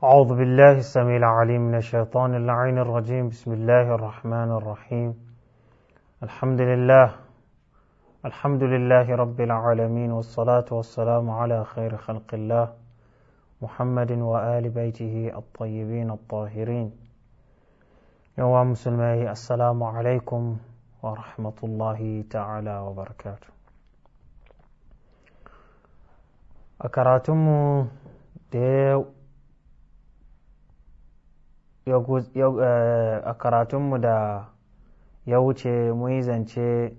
أعوذ بالله السميع العليم من الشيطان اللعين الرجيم بسم الله الرحمن الرحيم الحمد لله الحمد لله رب العالمين والصلاة والسلام على خير خلق الله محمد وآل بيته الطيبين الطاهرين يوم مسلمي السلام عليكم ورحمة الله تعالى وبركاته أكراتم ديو Eh, a karatunmu da ya wuce mun yi zance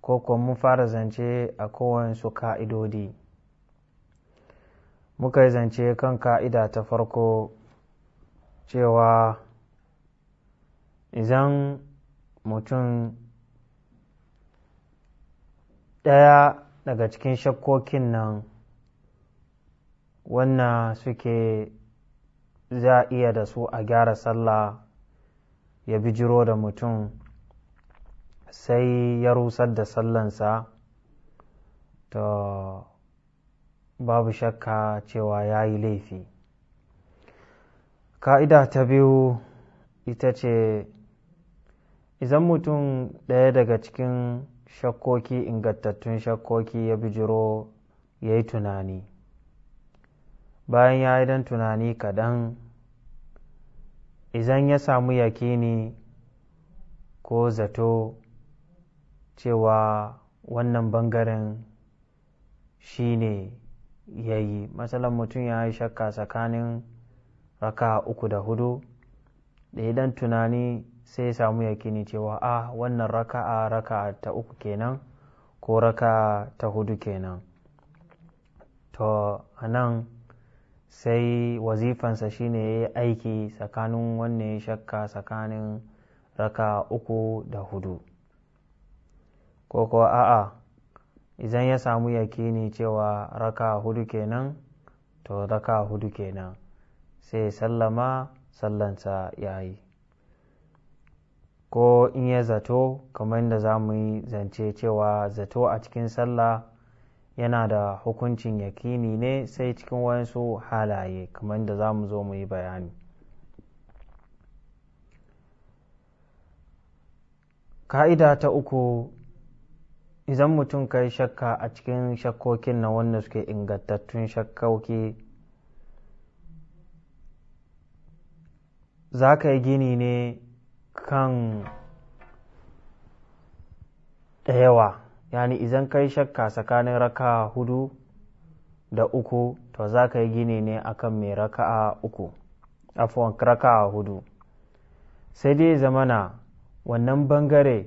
ko kuma mun fara zance a kowansu ka'idodi muka yi zance kan ka'ida ta farko cewa idan mutum ɗaya daga cikin shakkokin nan wannan suke za a iya da su a gyara sallah ya bijiro da mutum sai ya rusar da sallansa ta babu shakka cewa ya yi laifi ka'ida ta biyu ita ce idan mutum ɗaya daga cikin shakkoki ingantattun shakkoki ya bijiro ya yi tunani bayan ya yi dan tunani kaɗan idan ya samu yakini ko zato cewa wannan bangaren shi ne ya yi matsalan mutum ya yi shakka tsakanin raka uku da hudu da idan tunani sai ya samu yakini cewa a wannan raka raka'a raka ta uku kenan ko raka ta hudu kenan to anan sai wazifansa shine ya yi aiki tsakanin wannan shakka tsakanin raka uku da hudu ko kuwa a'a idan ya samu yakini cewa raka hudu kenan to raka hudu kenan sai sallama sallansa ya yi ko in ya zato kamar yadda za mu yi zance cewa zato a cikin sallah yana da hukuncin yakini ne sai cikin wayansu halaye kamar da za mu zo mu yi bayani ka'ida ta uku idan mutum kai shakka a cikin shakkokin na wanda suke ingantattun shakkauki za ka yi gini ne kan da yawa yani idan kai shakka tsakanin raka hudu da uku to za ka yi gini ne akan mai raka'a uku afuwan raka'a hudu sai dai zamana wannan bangare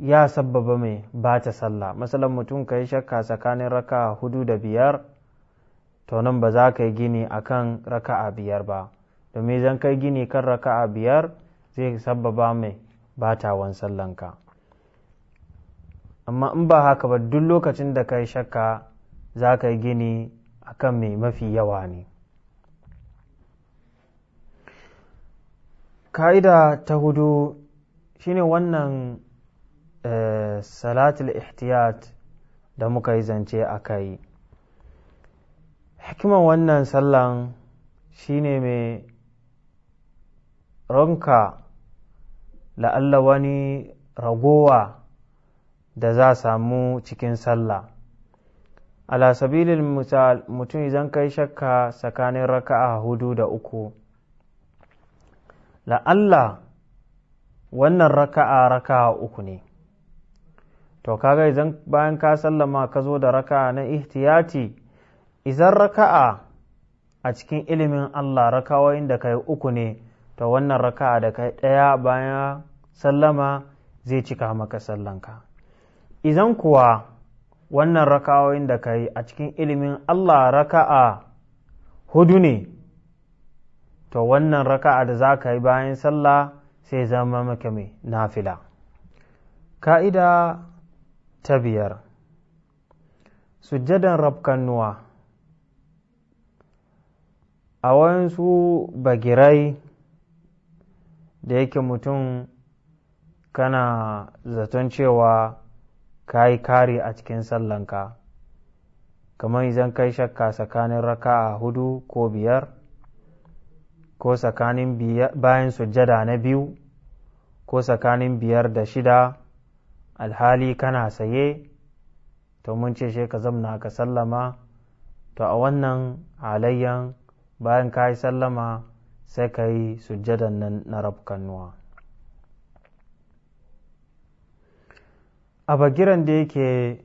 ya sababa mai ba ta sallah masalan mutum ka yi shakka tsakanin raka'a hudu da biyar to nan ba za ka yi gini akan raka'a biyar ba domin zan kai gini kan raka'a biyar zai sababa mai ba batawan sallanka amma in ba haka ba duk lokacin da ka yi shakka za ka yi gini a kan mai mafi yawa ne ka'ida ta hudu shine wannan eh, salatul ihtiyat da muka yi zance a kai hikiman wannan sallan shine mai ronka la'alla wani ragowa da za samu cikin sallah ala sabilin mutum idan kai shakka tsakanin raka'a hudu da uku la'alla wannan raka'a raka'a uku ne to kaga idan bayan ka sallama ka zo da raka'a na ihtiyati idan raka'a a cikin ilimin Allah rakawoyin da kai uku ne to wannan raka'a da kai ɗaya bayan sallama zai cika maka sallanka izan kuwa wannan rakawoyin da ka yi a cikin ilimin Allah raka'a hudu ne to wannan raka'a da za ka yi bayan sallah sai zama maka mai nafila ka'ida ta biyar sujjadan rafkannuwa a wayansu bagirai da yake mutum kana zaton cewa ka yi kari a cikin sallanka kamar idan kai shakka tsakanin raka'a hudu ko biyar ko tsakanin bayan sujjada na biyu ko tsakanin biyar da shida alhali kana saye to mun ce shi ka zamna ka sallama to a wannan halayyan bayan ka yi sallama sai ka yi sujjadan nan na rabkannuwa. a bagiran da yake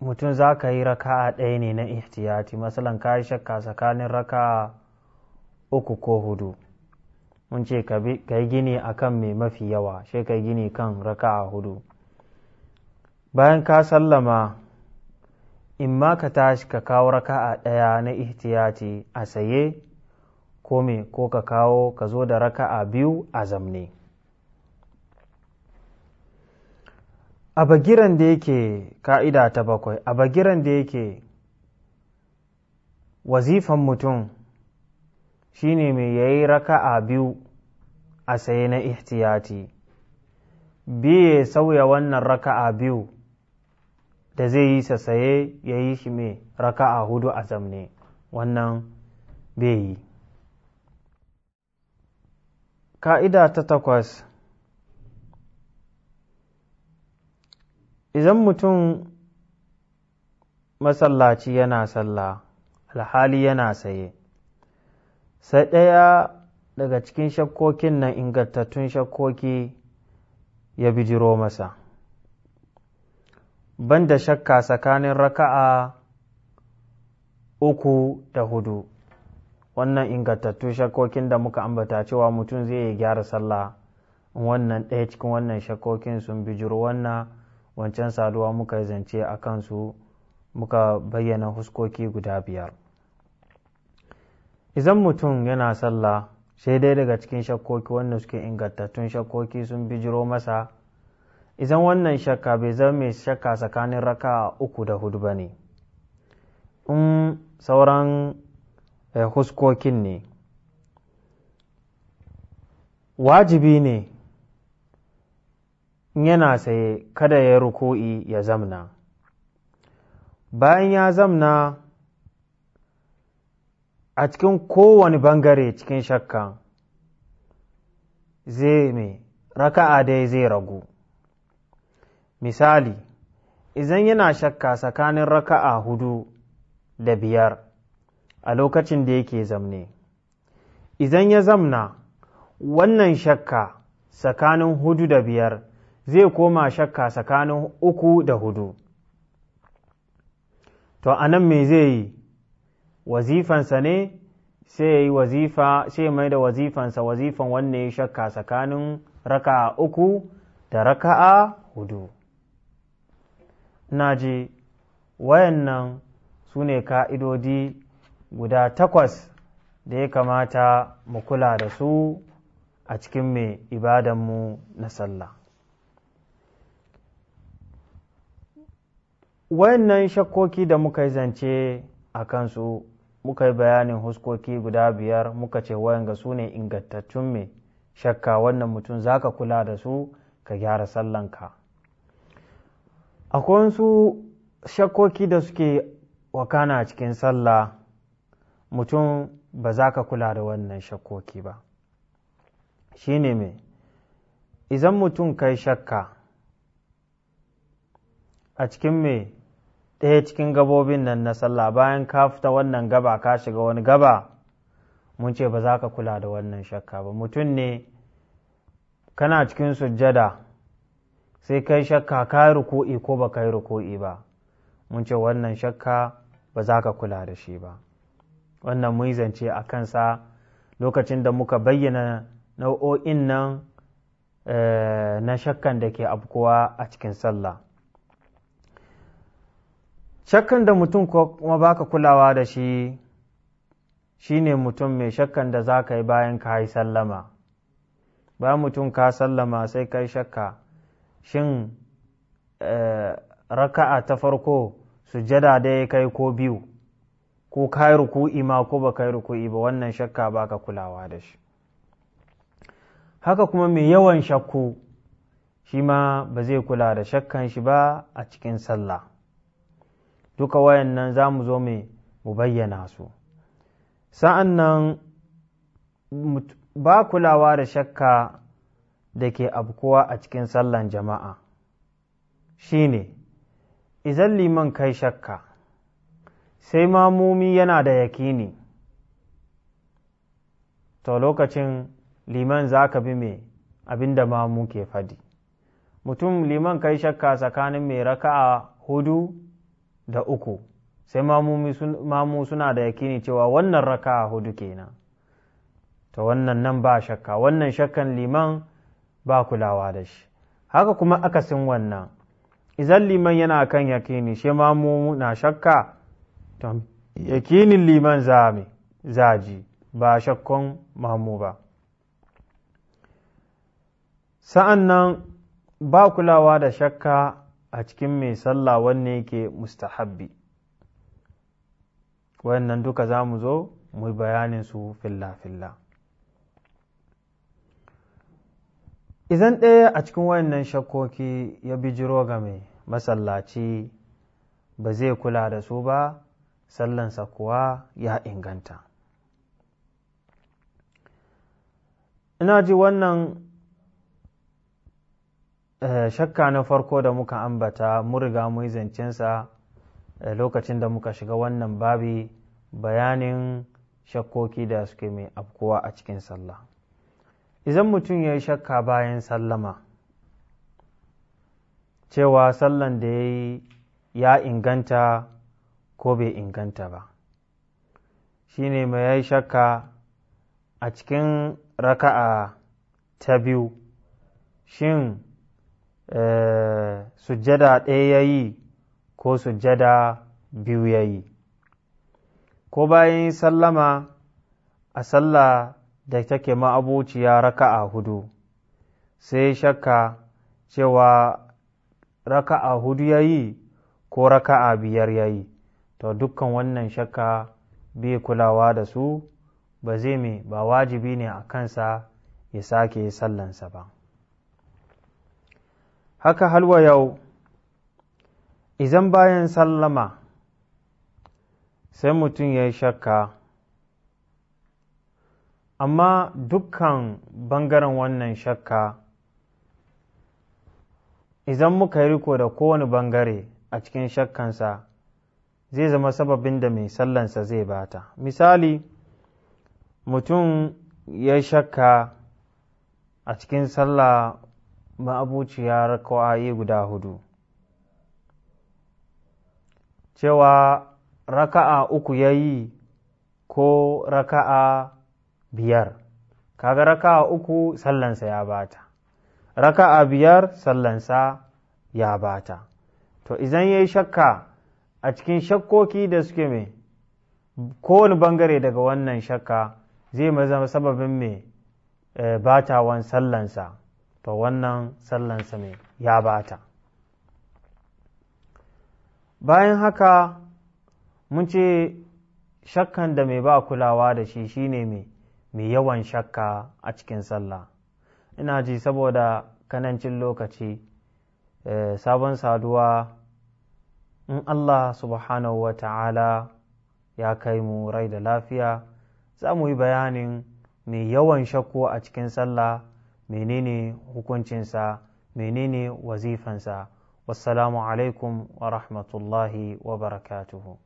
mutum za ka yi raka'a ɗaya ne na ihtiyati masalan ka yi shakka tsakanin raka'a uku ko hudu mun ce ka yi gini a kan mai mafi yawa shi ka yi gini kan raka'a hudu bayan ka sallama in ma ka tashi ka kawo raka'a ɗaya na ihtiyati a saye ko me ko ka kawo ka zo da raka'a biyu a zamne. a bagiran da yake ka'ida ta bakwai a bagiran da yake wazifan mutum shine mai yayi raka'a biyu a saye na ihtiyati biye sauya wannan raka'a biyu da zai yi sa saye ya yi shi mai raka'a hudu a zamne wannan bai yi ka'ida ta takwas idan mutum masallaci yana sallah alhali yana saye sai ɗaya daga cikin shakkokin nan ingantattun shakkoki ya bijiro masa banda shakka tsakanin raka'a uku da hudu wannan ingantattun shakkokin da muka ambata cewa mutum zai yi gyara sallah wannan ɗaya cikin wannan shakkokin sun bijiro wannan wancan saduwa muka zance a kansu muka bayyana huskoki guda biyar idan mutum yana sallah sai dai daga cikin shakkoki wanda suke ingantattun shakkoki sun bijiro masa idan wannan shakka bai zama mai shakka tsakanin raka uku da hudu ba ne in sauran eh, huskokin ne wajibi ne yana saye kada ya ruku'i ya zamna bayan ya zamna a cikin kowane bangare cikin shakka zai mai raka'a dai zai ragu misali idan yana shakka tsakanin raka'a hudu da biyar a lokacin da yake zamne idan ya zamna wannan shakka tsakanin hudu da biyar zai koma shakka tsakanin uku da hudu to a nan me zai yi wazifansa ne sai ya yi wazifa sai mai da wazifansa wazifan wanne shakka tsakanin raka'a uku da raka'a hudu na ji wayannan su ne ka'idodi guda takwas da ya kamata mu kula da su a cikin mai ibadanmu na sallah wayannan shakkoki da muka yi zance a kansu muka yi bayanin huskoki guda biyar muka ce wayanga su ne ingantattun mai shakka wannan mutum za ka kula da su ka gyara sallanka A su shakkoki da suke wakana a cikin sallah mutum ba za ka kula da wannan shakkoki ba shi ne mai izan mutum kai shakka a cikin mai ɗaya cikin gabobin nan na sallah bayan ka fita wannan gaba ka shiga wani gaba mun ce ba za ka kula da wannan shakka ba mutum ne kana cikin sujjada sai kai shakka ka yi ruku'i ko ba ka yi ruku'i ba mun ce wannan shakka ba za ka kula da shi ba wannan mun zance a kansa lokacin da muka bayyana nau'o'in nan eh, na shakkan da ke abkuwa a cikin sallah shakkan da mutum kuma baka kulawa da shi shi ne mutum mai shakkan da za ka yi bayan ka yi sallama bayan mutum ka sallama sai ka yi shakka shin eh, raka'a ta farko sujada da ya kai ko biyu ko ka yi ruku'i ma ko ba ka yi ruku'i ba wannan shakka baka kulawa da shi haka kuma mai yawan shakku shi ma ba zai kula da shakkan shi ba a cikin sallah duka wayannan za mu zo mu bayyana su sa'an nan ba kulawa da shakka da ke abkuwa a cikin sallan jama'a shi ne izan liman kai shakka sai mamumi yana da yakini to lokacin liman za ka bi mai abin da mamu ke fadi mutum liman kai shakka tsakanin mai raka'a hudu da uku sai mamu suna da yakini cewa wannan raka hudu kenan ta wannan nan ba shakka wannan shakkan liman ba kulawa da shi haka kuma akasin wannan izan liman yana kan yakini shi mamu na shakka yakinin liman zaji ba shakkon mamu ba sa'an nan ba kulawa da shakka a cikin mai sallah wanne yake mustahabbi wayannan duka za mu zo mu bayanin su filla-filla Izan ɗaya a cikin wayannan shakkoki ya bijiro ga mai masallaci ba zai kula da su ba sallansa kuwa ya inganta ina ji wannan Eh, shakka na farko da muka ambata muriga riga mu zancensa eh, lokacin da muka shiga wannan babi bayanin shakkoki da suke mai afkuwa a cikin sallah idan mutum ya yi shakka bayan sallama cewa sallan da ya yi ya inganta ko bai inganta ba shi ne mai ya yi shakka a cikin raka'a ta biyu shin Eh, sujjada ɗaya ya yi ko sujjada biyu ya yi ko bayan sallama a sallah da take ma'abuciya raka'a hudu sai shakka cewa raka'a hudu ya yi ko raka'a biyar ya yi to dukkan wannan shakka bai kulawa da su ba zai mai ba wajibi ne a kansa ya sake sallansa ba haka halwa yau izan bayan sallama sai mutum ya yi shakka amma dukkan bangaren wannan shakka izan muka yi riko da kowane bangare a cikin shakkansa zai zama sababin da mai sallansa zai bata misali mutum ya shakka a cikin sallah ma'abuciya raka'a'i guda hudu cewa raka'a uku ya yi ko raka'a biyar kaga raka'a uku sallansa ya bata raka'a biyar sallansa ya bata to idan ya yi shakka a cikin shakkoki da suke mai kowane bangare daga wannan shakka zai mazama sababin mai eh, batawan sallansa to wannan sallansa ne ya bata bayan haka mun ce shakkan da mai ba kulawa da shi shine mai mai yawan shakka a cikin sallah ina ji saboda kanancin lokaci eh, sabon saduwa in Allah subhanahu wa ta'ala ya kai mu rai da lafiya za mu yi bayanin mai yawan shakku a cikin sallah menene hukuncinsa menene wazifansa wassalamu alaikum wa rahmatullahi wa barakatuhu